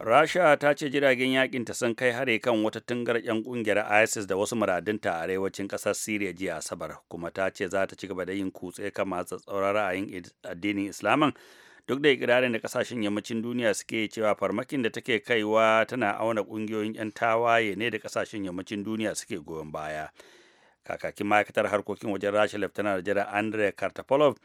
rasha ta ce jiragen yakin ta sun kai hare kan wata tungar 'yan kungiyar isis da wasu muradunta a arewacin kasar syria jiya asabar kuma ta ce za ta ci gaba da yin kutse kan masu tsauran ra'ayin addinin islamin duk da ikirarin da kasashen yammacin duniya suke cewa farmakin da take kaiwa tana auna kungiyoyin 'yan tawaye ne da kasashen yammacin duniya suke goyon baya kakakin ma'aikatar harkokin wajen rasha laftanar jira andre kartapolov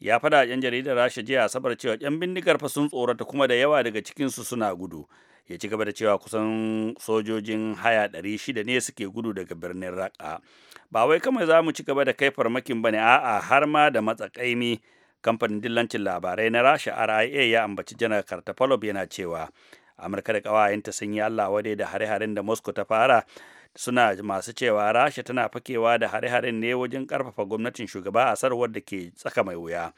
ya fada yan jaridar rasha jiya asabar cewa yan bindigar fa sun tsorata kuma da yawa daga cikinsu suna gudu ya ci gaba da cewa kusan sojojin haya 600 ne suke gudu daga birnin raka ba wai kamar za mu ci gaba da kai farmakin bane a'a har ma da matsakaimi kamfanin dillancin labarai na rasha ria ya ambaci janar kartafalov yana cewa amurka da ƙawayenta sun yi allah wadai da hare-haren da moscow ta fara suna masu cewa rasha tana fakewa da hare-haren ne wajen karfafa gwamnatin shugaba a sarwar da ke tsaka mai wuya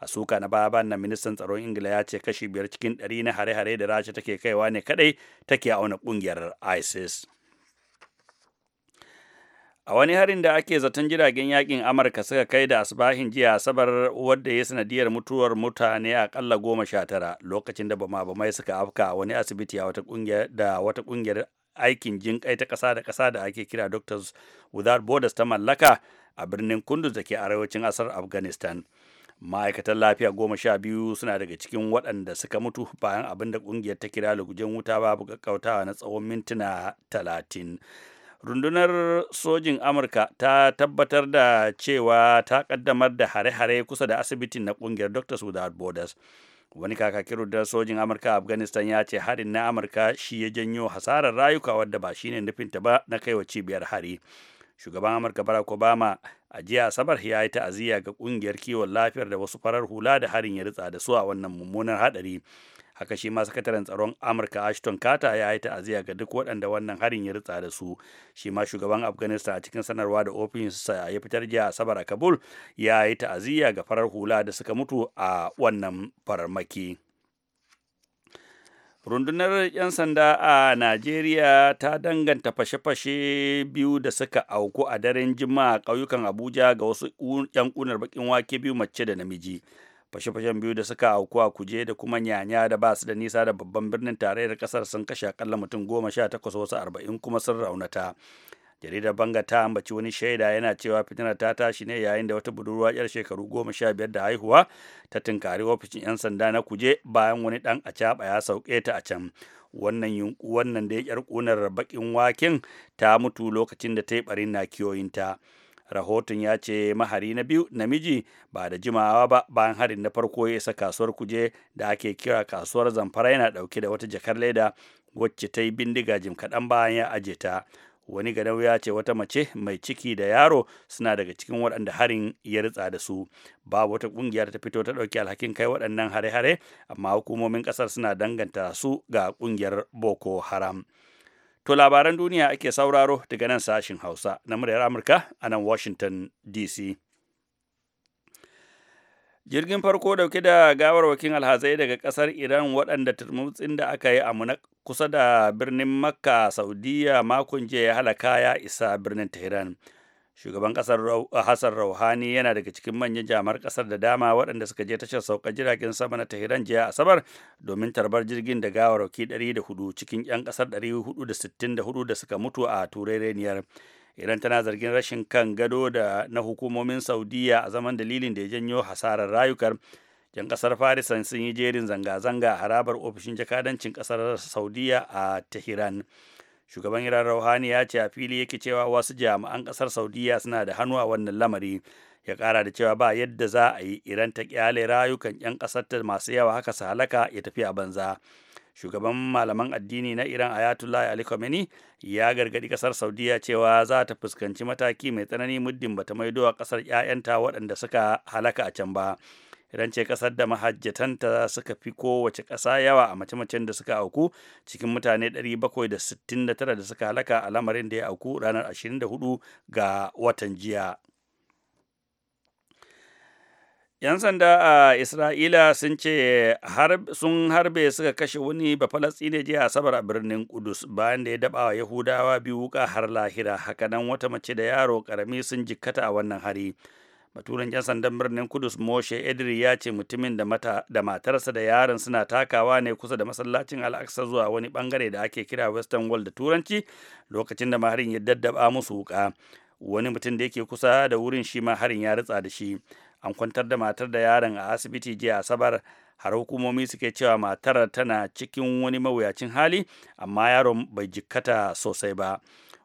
a suka na baba na ministan tsaron ingila ya ce kashi biyar cikin ɗari na hare-hare da rasha take kaiwa ne kadai take auna ƙungiyar isis a wani harin da ake zaton jiragen yakin amurka suka kai da asibahin jiya asabar wadda ya sanadiyar mutuwar mutane a akalla goma sha tara lokacin da bama bamai suka afka wani asibiti da wata kungiyar aikin jinƙai ta ƙasa da ƙasa da ake kira doctors without borders ta mallaka a birnin kunduz da ke arewacin asar afghanistan ma'aikatan lafiya goma sha biyu suna daga cikin waɗanda suka mutu bayan abin da ƙungiyar ta kira lugujen wuta babu kakkautawa na tsawon mintuna talatin rundunar sojin amurka ta tabbatar da cewa ta ƙaddamar da hare-hare kusa da asibitin na ƙungiyar doctors without borders wani kakakin rudar sojin amurka a afghanistan ya ce harin na amurka shi ya janyo hasarar rayuka wadda ba shine nufinta ba na kaiwa cibiyar hari shugaban amurka barack obama a jiya asabar ya yi ta'aziyya ga kungiyar kiwon lafiyar da wasu farar hula da harin ya ritsa da su a wannan mummunar hadari haka shi ma sakataren tsaron amurka ashton carter ya yi ta'aziyya ga duk waɗanda wannan harin ya ritsa da su shi ma shugaban afghanistan a cikin sanarwa da ofishinsa ya fitar jiya asabar a kabul ya yi ta'aziyya ga farar hula da suka mutu a wannan farmaki. rundunar 'yan sanda a najeriya ta danganta fashe-fashe biyu da suka auku a daren jima'a ƙauyukan abuja ga wasu 'yan ƙunar bakin wake biyu mace da namiji fashe-fashen biyu da suka auku a kuje da kuma nyanya da ba su da nisa da babban birnin tarayyar kasar sun kashe akalla mutum goma sha takwas wasu arba'in kuma sun raunata jaridar banga ta ambaci wani shaida yana cewa fitina ta tashi ne yayin da wata budurwa yar shekaru goma sha biyar da haihuwa ta tunkari ofishin 'yan sanda na kuje bayan wani dan a ya sauke ta a can wannan yunku wannan da ya kyar kunar bakin waken ta mutu lokacin da ta yi barin na kiyoyinta. ta rahoton ya ce mahari na biyu namiji ba da jimawa ba bayan harin na farko ya isa kasuwar kuje da ake kira kasuwar zamfara yana dauke da wata jakar leda wacce ta yi bindiga jim kaɗan bayan ya aje ta wani gada ya ce wata mace mai ciki da yaro suna daga cikin waɗanda harin ya ritsa da su babu wata ƙungiya ta fito ta ɗauki alhakin kai waɗannan hare-hare amma hukumomin ƙasar suna danganta su ga ƙungiyar boko haram To labaran duniya ake sauraro daga nan sashin Hausa na muryar Amurka a nan Washington DC. Jirgin farko dauke da gawar gawarwakin alhazai daga kasar Iran waɗanda turmutsin da aka yi a kusa da birnin Makka, Saudiya makon jiya ya halaka ya isa birnin Tehran. shugaban kasar eh, hassan rouhani yana daga cikin manyan jami'ar kasar da dama waɗanda suka je tashar saukar jiragen sama na tahiran jiya asabar domin tarbar jirgin da gawarwaki 104 cikin 'yan kasar 464 da suka mutu a turereniyar iran tana zargin rashin kan gado da na hukumomin saudiya a zaman dalilin da ya janyo hasarar rayukar 'yan kasar farisan sun yi jerin zanga-zanga a harabar ofishin jakadancin kasar saudiya a tehran shugaban iran rauhani ya ce a fili yake cewa wasu jami'an kasar saudiya suna da hannu a wannan lamari ya kara da cewa ba yadda za a yi iran ta kyale rayukan 'yan kasarta masu yawa haka su halaka ya tafi a banza shugaban malaman addini na iran ayatollah ali khamenei ya gargadi kasar saudiya cewa za ta fuskanci mataki mai tsanani muddin bata maido a kasar 'ya'yanta waɗanda suka halaka a can ba idan ce kasar da mahajjatanta suka fi kowace ƙasa yawa a mace-macen da suka auku cikin mutane 769 da suka halaka a lamarin da ya auku ranar 24 ga watan jiya 'yan sanda a isra'ila sun ce sun harbe suka kashe wani bafalastine jiya asabar a birnin kudus bayan da ya daba wa yahudawa biyu wuka har lahira hakanan wata mace da yaro karami sun jikkata a wannan hari baturan 'yan sandan birnin kudus moshe edri ya ce mutumin da matarsa da yaron suna takawa ne kusa da masallacin al'aksa zuwa wani bangare da ake kira western wall da turanci lokacin da maharin ya daddaba musu wuka wani mutum da yake kusa da wurin shi maharin ya ritsa da shi an kwantar da matar da yaron a asibiti jiya asabar har hukumomi suke cewa matar tana cikin wani mawuyacin hali amma yaron bai jikkata sosai ba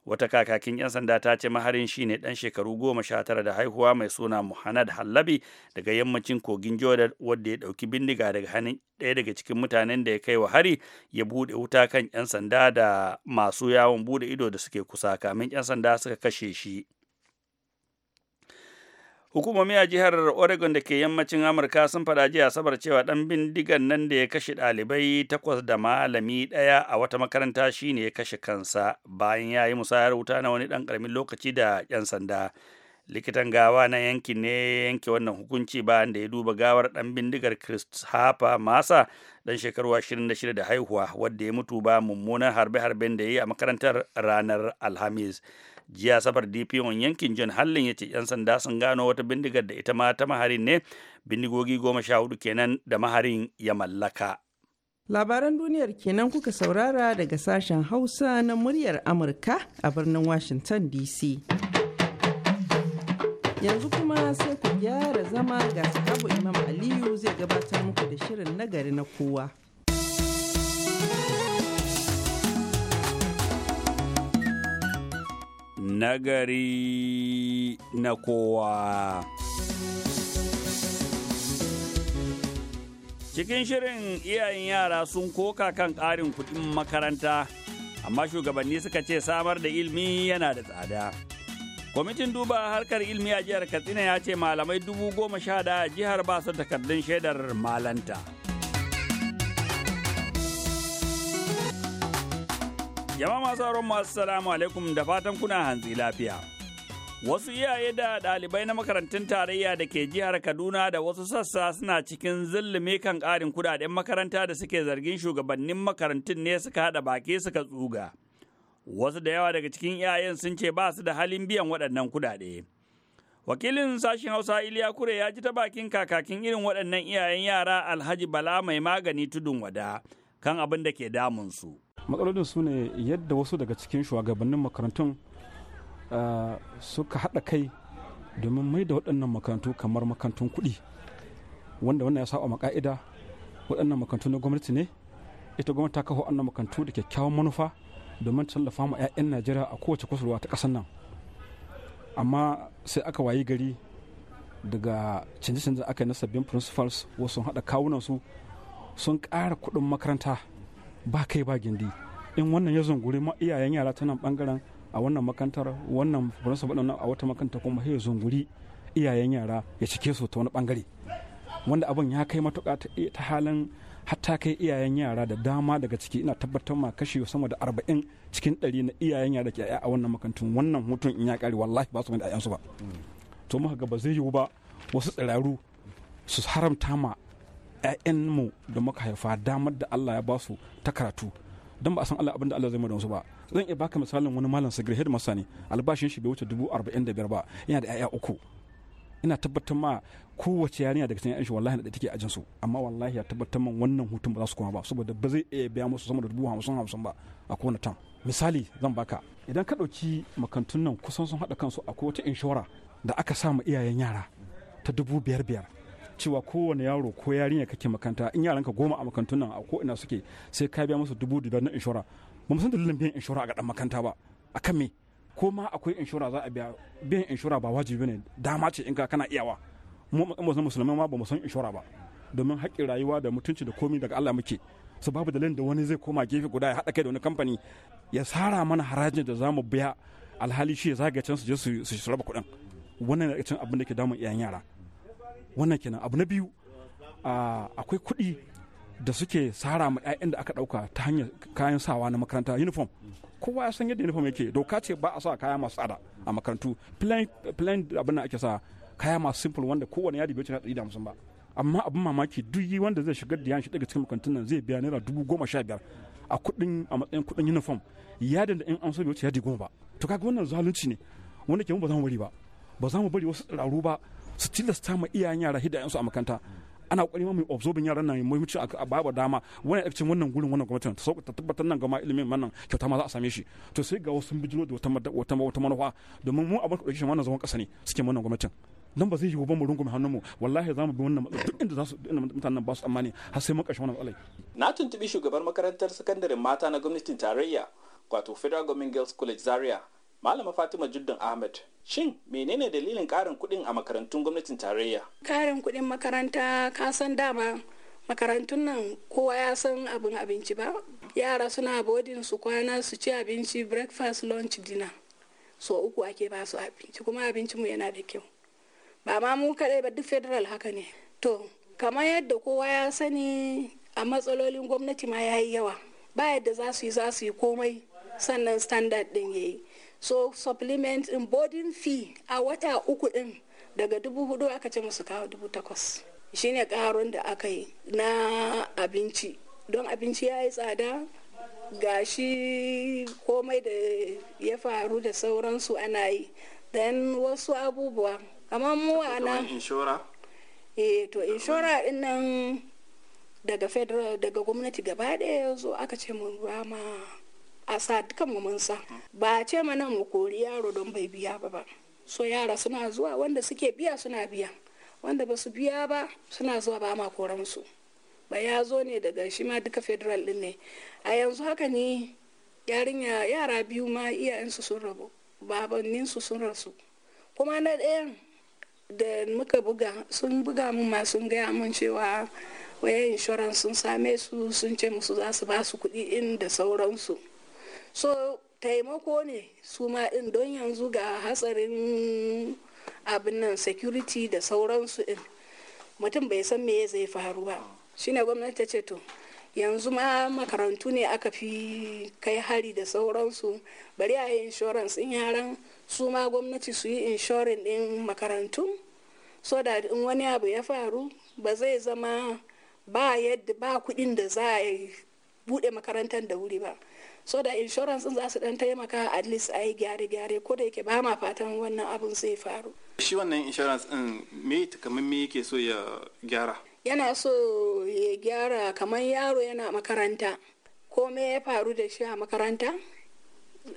wata kakakin 'yan sanda ta ce maharin shi ne dan shekaru goma sha tara da haihuwa mai suna muhannad hallabi daga yammacin kogin jordan wadda ya dauki bindiga daga hannun ɗaya daga cikin mutanen da ya kai wa hari ya buɗe wuta kan 'yan sanda da masu yawon buɗe ido da suke kusa kamin 'yan sanda suka kashe shi Hukumomi a jihar Oregon da ke yammacin Amurka sun fada jiya sabar cewa dan bindigan nan da ya kashe ɗalibai takwas da malami ɗaya a wata makaranta shine ya kashe kansa bayan ya yi musayar wuta na wani ɗan ƙaramin lokaci da 'yan sanda. Likitan gawa na yankin ne yanke wannan hukunci bayan da ya duba gawar ɗan bindigar chris harper Masa ɗan shekaru 26 da haihuwa wadda ya mutu ba mummunan harbe-harben da ya yi a makarantar ranar Alhamis. jiya safar dpo yankin john hallin ya ce 'yan sanda sun gano wata bindigar da ita ma ta maharin ne bindigogi goma sha hudu kenan da maharin ya mallaka labaran duniyar kenan kuka saurara daga sashen hausa na muryar amurka a birnin washington dc yanzu kuma sai ku gyara zama ga sahabu imam aliyu zai gabatar muku da shirin nagari na kowa nagari na kowa. Cikin shirin iyayen yara sun koka kan ƙarin kuɗin makaranta, amma shugabanni suka ce samar da ilmi yana da tsada. Kwamitin duba harkar ilmi a jihar Katsina ya ce malamai dubu goma sha da jihar ba su takardun shaidar malanta. Jama'a masu sauran masu salamu alaikum da fatan kuna hanzi lafiya. Wasu iyaye da ɗalibai na makarantun tarayya da ke jihar Kaduna da wasu sassa suna cikin zillume kan ƙarin kudaden makaranta da suke zargin shugabannin makarantun ne suka haɗa baki suka tsuga. Wasu da yawa daga cikin iyayen sun ce ba su da halin biyan waɗannan kudade. Wakilin sashen Hausa Iliya Kure ya ji ta bakin kakakin irin waɗannan iyayen yara Alhaji Bala mai magani tudun wada kan abin da ke damunsu. matsalolin su ne yadda wasu daga cikin shugabannin makarantun ah, suka haɗa kai domin mai da waɗannan makarantu kamar makarantun kuɗi wanda wannan ya saba ma ƙa'ida waɗannan makarantu na gwamnati ne ita gwamnati ta kawo waɗannan makarantu da kyakkyawan manufa domin tallafa ma 'ya'yan najeriya a kowace kusurwa ta ƙasar nan amma sai aka wayi gari daga canje-canje aka yi na sabbin principals wasu haɗa kawunansu sun ƙara kuɗin makaranta ba kai ba gindi in wannan ya zunguri ma iyayen yara ta nan bangaren a wannan makantar wannan burinsa ba a wata makanta kuma ya zunguri iyayen yara ya cike su ta wani bangare wanda abin ya kai matuƙa ta halin hatta kai iyayen yara da dama daga ciki ina tabbatar ma kashi sama da arba'in cikin ɗari na iyayen yara ke a wannan makantun wannan hutun in ya ƙare wallahi ba su mai da ba to muka ga ba zai yiwu ba wasu tsiraru su haramta ma 'ya'yanmu da muka haifa damar da Allah ya ba su ta karatu don ba a san Allah abin da Allah zai mu da wasu ba zan iya baka misalin wani malam sagir head masa ne albashin shi bai wuce dubu arba'in da biyar ba yana da 'ya'ya uku ina tabbatar ma kowace yarinya daga cikin 'yan shi wallahi da take ajin su amma wallahi ya tabbatar man wannan hutun ba za su koma ba saboda ba zai iya biya musu sama da dubu hamsin hamsin ba a kowane tam misali zan baka idan ka ɗauki makantun nan kusan sun haɗa kansu akwai wata inshora da aka sa ma iyayen yara ta dubu biyar biyar cewa kowane yaro ko yarinya kake makaranta in yaranka goma a makarantun nan a ko ina suke sai ka biya musu dubu dubu na inshora ba mu san dalilin biyan inshora ga dan makaranta ba a kan me ko ma akwai inshora za a biya biyan inshora ba wajibi ne dama ce in ka kana iyawa mu musulmai ma ba mu san inshora ba domin haƙƙin rayuwa da mutunci da komi daga Allah muke su babu dalilin da wani zai koma gefe guda ya haɗa kai da wani kamfani ya sara mana harajin da za mu biya alhali shi ya zagaya can su je su raba kuɗin wannan daga cin abin da ke damun iyayen yara wannan kenan abu na biyu akwai kuɗi da suke sara ma 'ya'yan da aka ɗauka ta hanyar kayan sawa na makaranta uniform kowa ya san yadda uniform yake doka ce ba a sa kaya masu tsada a makarantu plain abin da ake sa kaya masu simple wanda kowane yadda bai wuce na musamman ba amma abin mamaki duk yi wanda zai shigar da yan shi daga cikin makarantun nan zai biya naira dubu goma sha biyar a kuɗin a matsayin kuɗin uniform yadin da in an so bai wuce yadi goma ba to kaga wannan zalunci ne wanda ke mu ba za mu bari ba ba za mu bari wasu tsiraru ba su tilasta ma iyayen yara hidayensu a makanta ana kokari mai observing yaran nan mai mutu a babu dama wani cikin wannan gurin wannan gwamnatin ta sauka ta tabbatar nan gama ilimin wannan kyauta ma za a same shi to sai ga wasu bijiro da wata wata manufa domin mu abin kudin wannan zaman kasa ne suke wannan gwamnatin nan ba zai yi ba mu rungume hannunmu wallahi za mu bi wannan matsalar duk inda za su inda mutanen ba su tsammani har sai mun kashe wannan matsalar na tuntubi shugaban makarantar sakandare mata na gwamnatin tarayya wato Federal Government Girls College Zaria Malama Fatima Juddin Ahmed Shin menene dalilin karin kuɗin a makarantun gwamnatin tarayya? Karin kuɗin makaranta ka san dama makarantun nan kowa ya san abin abinci ba. Yara suna bodin su kwana su ci abinci breakfast lunch dinner. So uku ake ba su abinci kuma abincinmu yana da kyau. Ba ma mu kaɗai ba duk federal haka ne. To kamar yadda kowa ya sani a matsalolin gwamnati ma ya yi yawa. Ba yadda za su yi za su yi komai sannan standard ɗin yayi so supplement in boarding fee a wata uku din daga dubu hudu aka ce musu kawo dubu takwas shine karon da aka yi na abinci don abinci ya yi tsada gashi komai da ya faru da sauransu ana yi dan wasu abubuwa amma mu a nan eh to inshora din nan daga federal daga gwamnati gaba ɗaya aka ce mu rama a sa dukan mu mun sa ba a ce mana mu kori yaro don bai biya ba ba so yara suna zuwa wanda suke biya suna biya wanda ba su biya ba suna zuwa ba ma koran su ba ya zo ne daga shi ma duka federal din ne a yanzu haka ne yarinya yara biyu ma iyayensu sun rabu babanninsu sun rasu kuma na ɗayan da muka buga sun buga mu ma sun gaya mun cewa waya insurance sun same su sun ce musu za su ba su kuɗi in da sauransu so taimako ne su ma din don yanzu ga hatsarin abin nan security da sauransu din mutum bai san me zai faru ba shine gwamnati ta ce to yanzu ma makarantu ne aka fi kai hari da sauransu bari a yi insurance in yaran su ma gwamnati su yi inshoran din makarantu so da in wani abu ya faru ba zai zama ba yadda ba kudin da za a bude makarantar da wuri ba so da insurance za su dan taimaka at least a yi gyare-gyare ko da yake ba ma fatan wannan abun zai faru shi wannan insurance din me kamar me yake so ya gyara yana so ya gyara kamar yaro yana makaranta ko me ya faru da shi a makaranta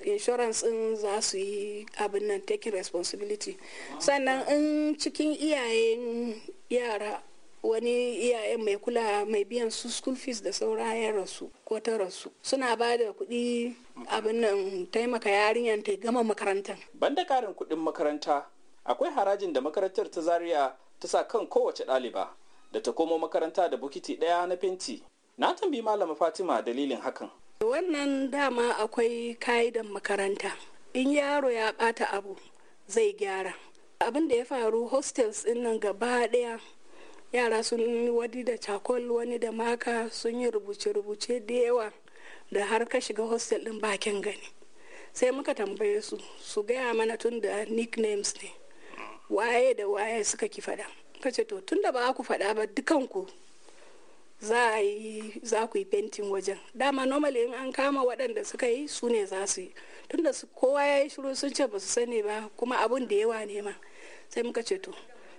insurance in za su yi abin nan taking responsibility sannan in cikin iyayen yara wani iyayen mai kula mai biyan su school fees da saura ya rasu ko ta rasu suna ba da kuɗi abin nan taimaka yarinyar ta gama makarantar banda karin kuɗin makaranta akwai harajin da makarantar ta Zariya ta sa kan kowace ɗaliba da ta komo makaranta da bukiti ɗaya na fenti na tambayi malama fatima dalilin hakan wannan dama akwai ka'idan makaranta in yaro ya ɓata abu zai gyara abin da ya faru hostels ɗin nan gaba ɗaya yara sun wadi da cakol wani da maka sun yi rubuce-rubuce da yawa da har ka shiga hostel din bakin gani sai muka tambaye su su gaya mana tun da nicknames ne waye da waye suka ki faɗa ka ce to tun da ba ku faɗa ba dukanku za a yi za ku yi fentin wajen dama normally in an kama waɗanda suka yi su ne za su yi tun da kowa ya yi shiru sun ce ba su sani ba kuma abun da yawa ne ma sai muka ce to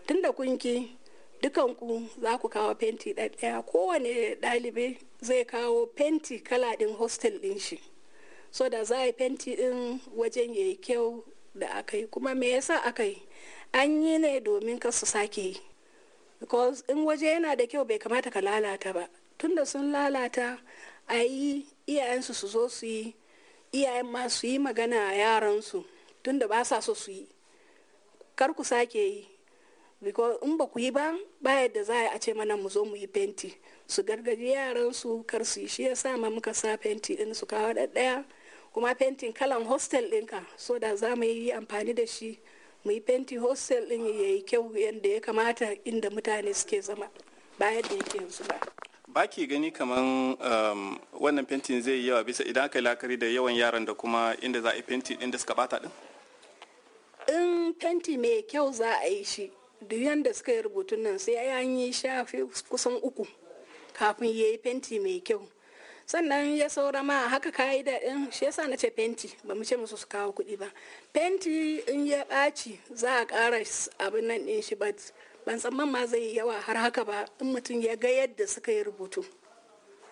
tunda kun ki dukanku za ku kawo fenti ɗaya kowane ɗalibi zai kawo fenti kala ɗin hostel ɗin shi so da za a yi fenti ɗin wajen ya yi kyau da aka yi kuma me yasa aka yi an yi ne domin kar su sake yi because in waje yana da kyau bai kamata ka lalata ba tunda sun lalata a yi iyayensu su zo su yi iyayen ma su yi magana a yaransu tunda ba sa so su yi kar ku sake yi because in ba ku yi ba ba yadda za a ce mana mu zo mu yi fenti su gargaji yaran su kar su yi shi ya sa ma muka sa fenti din su kawo daya kuma fentin kalan hostel ɗinka so da za mu yi amfani da shi mu yi fenti hostel ɗin ya yi kyau yadda ya kamata inda mutane suke zama ba yadda yake yanzu ba ba ki gani kaman um, wannan fentin zai yi yawa bisa idan aka yi lakari da yawan yaran da kuma inda za a yi fenti ɗin da suka bata ɗin in fenti mai kyau za a yi shi duk yanda suka yi rubutun nan sai ya yi shafe kusan uku kafin ya yi fenti mai kyau sannan ya saura ma haka da ɗin shi yasa na ce fenti ba mu ce musu su kawo kuɗi ba fenti in ya ɓaci za a ƙara abin nan ɗin shi ba ban tsamman ma zai yawa har haka ba in mutum ya ga yadda suka yi rubutu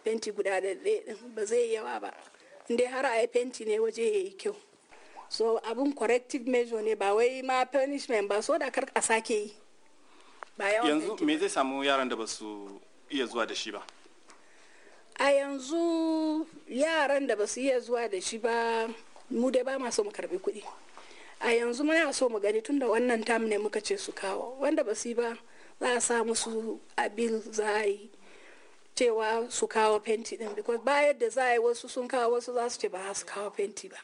fenti guda da ɗaya ba zai yawa ba in dai har a yi fenti ne waje ya yi kyau so abun corrective measure ne ba wai ma punishment ba so da kar a sake yi ba yanzu me zai samu yaran da ba su iya zuwa da shi ba a yanzu yaran da ba iya zuwa da shi ba mu dai ba masu mu karbi kuɗi a yanzu muna so mu gani tunda wannan tam ne muka ce su kawo wanda ba su yi ba za a sa musu abil za a yi cewa su kawo fenti din because bayan da za a yi wasu sun kawo wasu za su ce ba su kawo fenti ba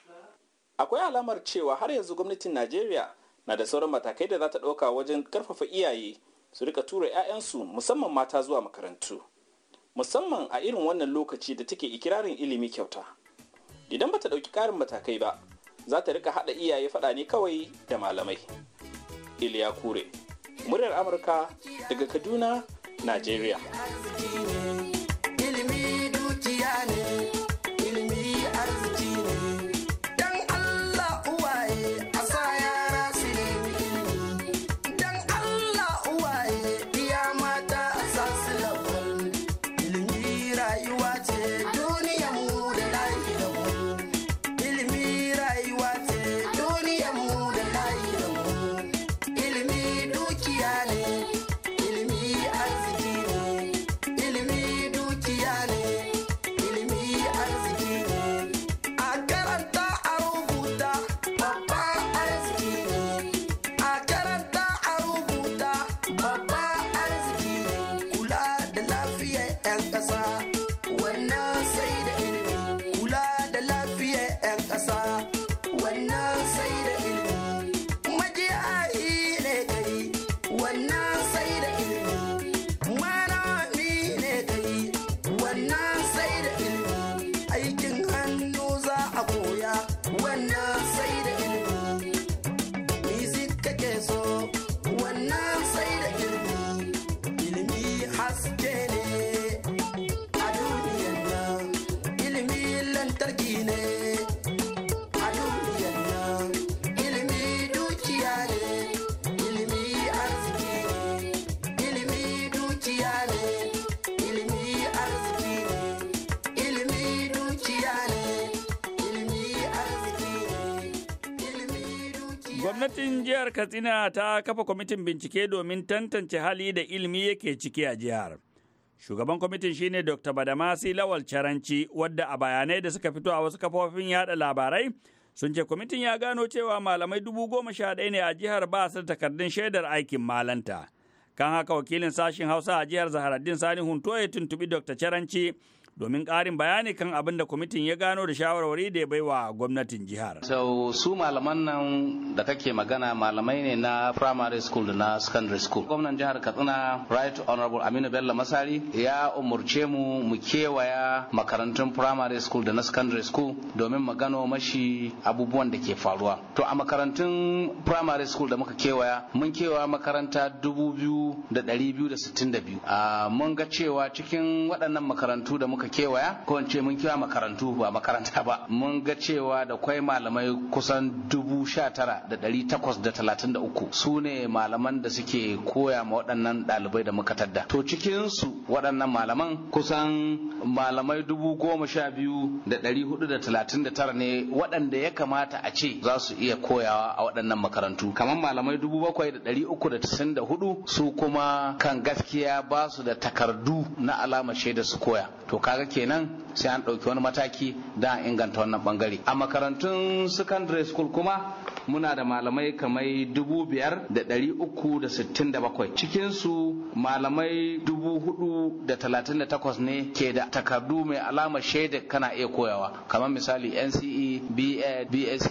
akwai alamar cewa har yanzu gwamnatin najeriya na da sauran matakai da za ta ɗauka wajen karfafa iyaye su rika tura 'ya'yansu musamman mata zuwa makarantu musamman a irin wannan lokaci da take ikirarin ilimi kyauta idan bata ɗauki ƙarin matakai ba za ta rika haɗa iyaye faɗa ne kawai da malamai iliya kure muryar amurka daga kaduna najeriya Gwamnatin jihar Katsina ta kafa kwamitin bincike domin tantance hali da ilimi yake ciki a jihar. Shugaban kwamitin shine Dr. Badamasi Lawal Charanci, wadda a bayanai da suka fito a wasu kafofin yada labarai sun ce kwamitin ya gano cewa malamai dubu goma sha ɗaya ne a jihar ba su takardun shaidar aikin malanta. Kan haka wakilin sashen Hausa a jihar Zaharaddin Sani Hunto ya tuntubi Dr. Charanci domin ƙarin bayani kan abin da kwamitin ya gano da shawarwari da ya bai wa gwamnatin jihar. So su malaman nan da kake magana malamai ne na primary school da na secondary school. Gwamnan jihar Katsina Right Honorable Aminu Bello Masari ya umurce mu mu kewaya makarantun primary school da na secondary school domin mu gano mashi abubuwan da ke faruwa. To a makarantun primary school da muka kewaya mun kewaya makaranta dubu biyu biyu da da da ɗari sittin biyu. Ah, mun ga cewa cikin waɗannan makarantu da muka kewaya ko in ce mun kewa makarantu ba makaranta ba mun ga cewa da kwai malamai kusan dubu sha tara da ɗari takwas da talatin da uku su ne malaman da suke koya ma waɗannan ɗalibai da muka tadda to cikinsu waɗannan malaman kusan malamai dubu goma sha biyu da ɗari hudu da talatin da tara ne waɗanda ya kamata a ce za su iya koyawa a waɗannan makarantu kamar malamai dubu bakwai da ɗari uku da tisin da hudu su kuma kan gaskiya ba su da takardu na alama shaida su koya to kaga kaga kenan sai an ɗauki wani mataki da inganta wannan bangare a makarantun secondary school kuma muna da malamai kamai dubu biyar da ɗari uku da sittin da bakwai cikinsu malamai dubu hudu da talatin da takwas ne ke da takardu mai alamar shaida kana iya koyawa kamar misali nce ba bsc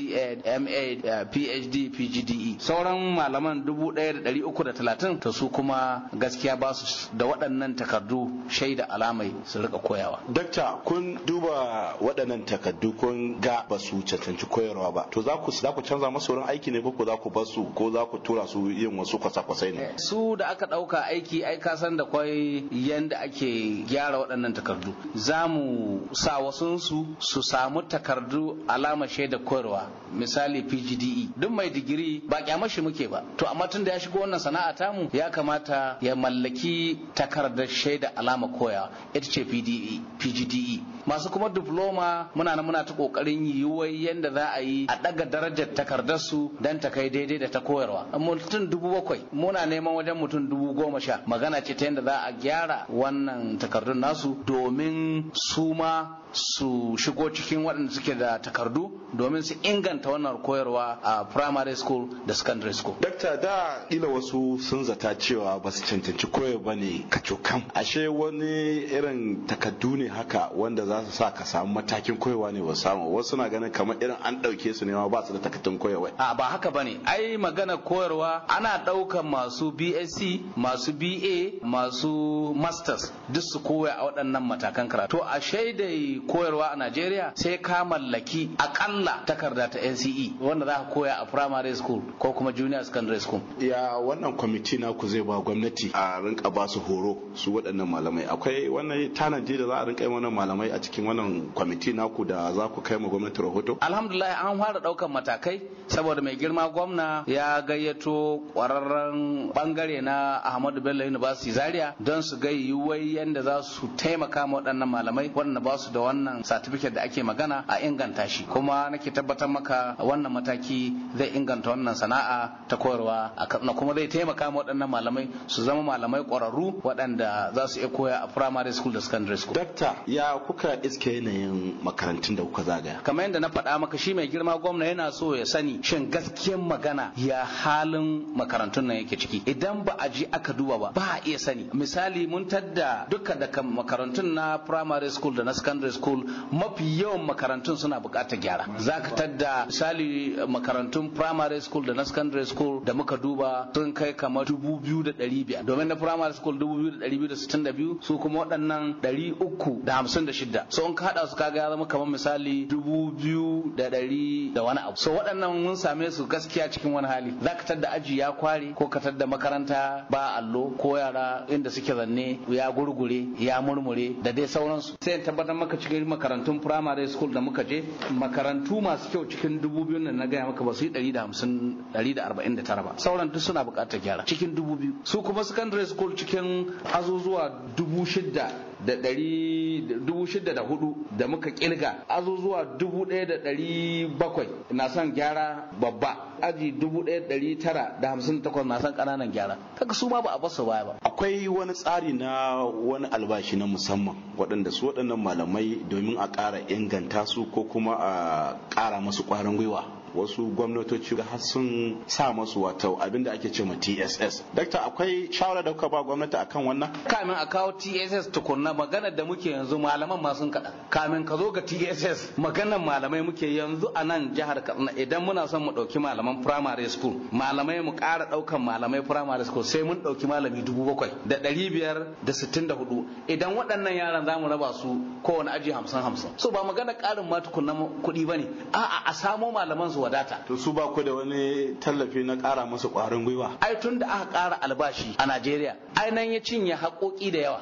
ma eh, phd pgde sauran malaman dubu ɗaya da ɗari uku da talatin ta su kuma gaskiya ba su da waɗannan takardu shaida alamai su rika koyawa dakta kun duba waɗannan takardu kun ga ba su cancanci koyarwa ba to za ku canza musu sauran aiki ne ko za ku bar su ko za ku tura su yin wasu kwasa-kwasai ne su da aka ɗauka aiki ai ka san da kwai yadda ake gyara waɗannan takardu za mu sa wasu su su samu takardu alama shaida koyarwa misali PGDE duk mai digiri ba kyamashi muke ba to amma tun da ya shigo wannan sana'a tamu ya kamata ya mallaki takardar shaida alama koya ita ce PGDE e. masu kuma diploma muna nan muna ta kokarin yiwuwar yadda za a yi a ɗaga darajar takardu su dan ta kai daidai da ta koyarwa mutum dubu bakwai muna neman wajen mutum dubu goma sha magana ce ta yadda za a gyara wannan takardun nasu domin su ma su shigo cikin waɗanda suke da takardu domin su inganta wannan koyarwa a primary school da secondary school. Dakta da ila wasu sun zata cewa ba su cancanci koyar ba ne kacokan. Ashe wani irin takardu ne haka wanda za su sa ka samu matakin koyarwa ne ba samu wasu na ganin kamar irin an ɗauke su ne ma ba su da takardun koyarwa. A ba haka ba ne ai magana koyarwa ana ɗaukan masu BSc masu BA masu masters duk su koya a waɗannan matakan karatu. To ashe dai koyarwa a Najeriya sai ka mallaki akalla takarda ta NCE wanda za ka koya a primary school ko kuma junior secondary school. Ya wannan kwamiti na ku zai ba gwamnati a rinka ba su horo su waɗannan malamai akwai wannan tanaji da za a rinka yi wannan malamai a cikin wannan kwamiti na ku da za ku kai ma gwamnati rahoto. Alhamdulillah an fara ɗaukan matakai saboda mai girma gwamna ya gayyato ƙwararren bangare na Ahmadu Bello University Zaria don su ga yiwuwai yadda za su taimaka ma waɗannan malamai waɗanda ba su da wannan certificate da ake magana a inganta shi kuma nake tabbatar maka wannan mataki zai inganta wannan sana'a ta koyarwa na kuma zai taimaka ma waɗannan malamai su zama malamai ƙwararru waɗanda za su iya koya a primary school da secondary school. Dakta ya kuka iske yanayin makarantun da kuka zagaya. Kamar yadda na faɗa maka shi mai girma gwamna yana so ya sani shin gaskiyan magana ya halin makarantun nan yake ciki idan ba a ji aka duba ba ba a iya sani misali mun tadda dukkan da makarantun na primary school da na secondary school mafi yawan makarantun suna buƙatar gyara za ka tadda misali eh, makarantun primary school da na secondary school da muka duba sun kai kamar dubu biyu da ɗari biyar domin na primary school dubu biyu da ɗari biyu da sittin da biyu su kuma waɗannan ɗari uku da hamsin da shida so in ka haɗa su kaga ya zama kamar misali dubu biyu da ɗari da wani abu so waɗannan mun same su gaskiya cikin wani hali za ka tadda aji ya kware ko ka tadda makaranta ba allo ko yara inda suke zanne ya gurgure ya murmure da dai sauransu sai in tabbatar maka shiga makarantun primary school da muka je makarantu masu kyau cikin dubu biyu na gaya maka ba su yi ɗari da hamsin ɗari da arba'in da tara ba sauran duk suna buƙatar gyara cikin dubu biyu su kuma secondary school cikin azuzuwa dubu shidda da ɗari dubu shida da hudu da muka kirga azuzuwa dubu ɗaya da ɗari bakwai na son gyara babba aji dubu ɗaya ɗari tara da hamsin takwas na son ƙananan gyara kaga su ma ba a basu baya ba akwai wani tsari na wani albashi na musamman waɗanda su waɗannan malamai domin a ƙara inganta su ko kuma a ƙara masu ƙwarin gwiwa wasu gwamnatoci har sun sa masu wato abinda ake ce ma TSS. Dakta akwai shawara da kuka ba gwamnati akan wannan? Kamin a kawo TSS tukunna maganar da muke yanzu malaman ma sun kaɗa. Kamin ka zo ga TSS maganar malamai muke yanzu a nan jihar Katsina idan muna son mu ɗauki malaman primary school malamai mu ƙara ɗaukan malamai primary school sai mun ɗauki malami dubu bakwai da ɗari biyar da sittin da hudu idan waɗannan yaran zamu mu raba su kowane aji hamsin hamsin. So ba magana ƙarin ma tukunna kuɗi ba ne a'a a samo malaman su musu wadata to su ba ku da wani tallafi na ƙara masa ƙwarin gwiwa ai tun da aka ƙara albashi a Najeriya ai nan ya cinye haƙoƙi da yawa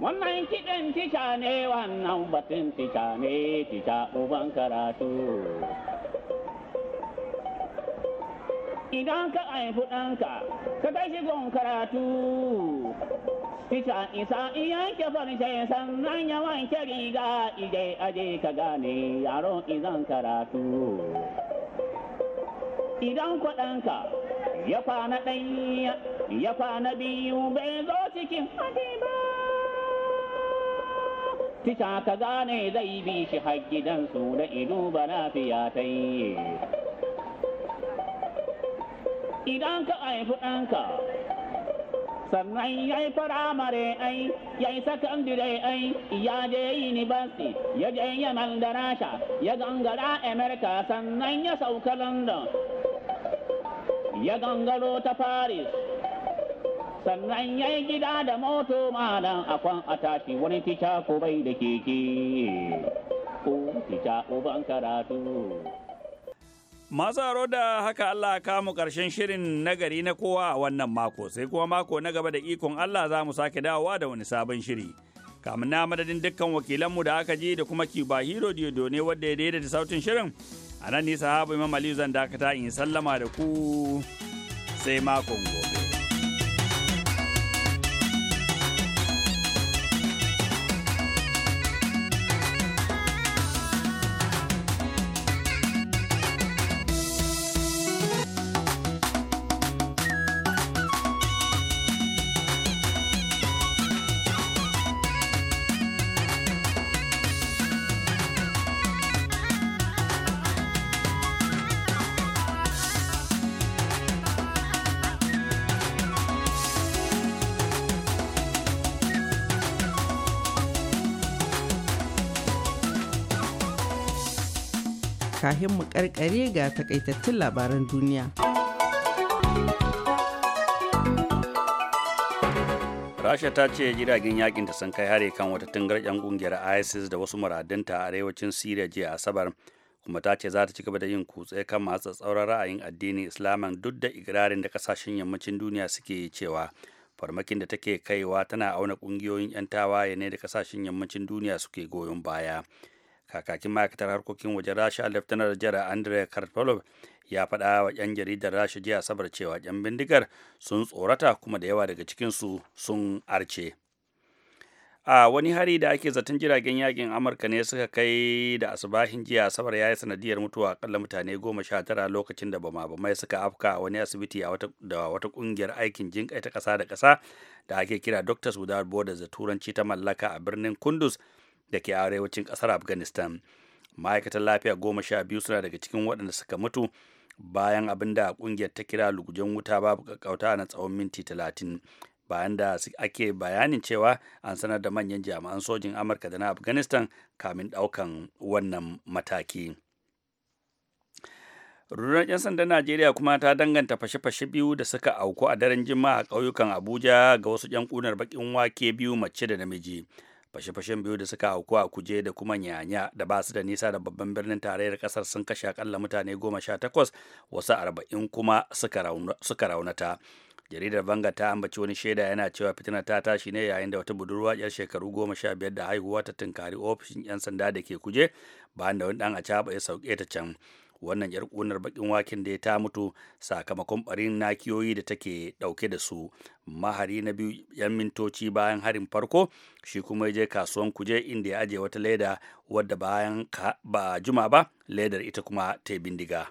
wannan kiɗan tica ne wannan batun tica ne tica uban karatu idan ka haifi ɗanka ka kai shi gun karatu ita isa iyanke farce sannan ya wanke riga ije aje ka gane yaron izan karatu idan kwaɗanka ya kwana ɗanya, ya kwana biyu bai zo cikin haɗe ba ka gane zai bi shi har gidansu da ido ba lafiya ta yi idan ka haifi ɗanka sannan ya yi firamare ai ya yi sakandire ai ya je university ya je yaman da rasha ya gangara america sannan ya sauka london ya gangaro ta paris sannan ya yi gida da moto malam akwan a tashi wani tica ko da keke ko tica uban karatu Masu da haka Allah kamu ƙarshen shirin nagari na kowa a wannan mako, sai kuma mako na gaba da ikon Allah za mu sake dawowa da wani sabon shiri. Kamun na madadin dukkan wakilanmu da aka je da kuma Kiba Hiro Diodo ne wadda ya daidaita sautin shirin. A nan nisa habu Imam Aliyu zan dakata in sallama da ku sai makon gobe. kahin mu karkare ga takaitattun labaran duniya. rasha ta ce jiragen yakin ta sun kai hare kan wata tungar 'yan kungiyar isis da wasu muradinta a arewacin syria jiya asabar kuma ta ce za ta ci gaba da yin kutse kan masu tsauran ra'ayin addinin islaman duk da igirarin da kasashen yammacin duniya suke yi cewa farmakin da take kaiwa tana auna kungiyoyin 'yan tawaye ne da kasashen yammacin duniya suke goyon baya. kakakin ma'aikatar harkokin wajen rasha laftanar jara andre karpolov ya faɗa wa 'yan jaridar rasha jiya sabar cewa 'yan bindigar sun tsorata kuma da yawa daga cikin su sun arce a wani hari da ake zaton jiragen yakin amurka ne suka kai da asibahin jiya asabar ya yi sanadiyar mutuwa akalla mutane goma sha tara lokacin da bama bamai suka afka a wani asibiti da wata kungiyar aikin jinƙai ta ƙasa da ƙasa da ake kira doctors without borders da turanci ta mallaka a birnin kundus da ke arewacin ƙasar afghanistan ma'aikatan lafiya goma sha biyu suna daga cikin waɗanda suka mutu bayan abin da ƙungiyar ta kira lugujen wuta babu ƙaƙƙauta na tsawon minti talatin bayan da ake bayanin cewa an sanar da manyan jami'an sojin amurka da na afghanistan kamin ɗaukan wannan mataki. rundunar 'yan sandan najeriya kuma ta danganta fashe-fashe biyu da suka auku a daren jima'a a ƙauyukan abuja ga wasu 'yan ƙunar baƙin wake biyu mace da namiji fashe-fashen biyu da suka auku a kuje da kuma nyanya da ba su da nisa da babban birnin tarayyar kasar sun kashe akalla mutane goma sha takwas wasu arba'in kuma suka raunata jaridar banga ta ambaci wani shaida yana cewa fitina ta tashi ne yayin da wata budurwa yar shekaru goma sha biyar da haihuwa ta tunkari ofishin 'yan sanda da ke kuje bayan da wani dan a ya sauke ta can wannan yar kunar bakin waken da ya ta mutu sakamakon barin nakiyoyi da take dauke da su mahari na biyu yan mintoci bayan harin farko shi kuma je kasuwan kuje inda ya aje wata leda wadda bayan ba juma ba ledar ita kuma ta bindiga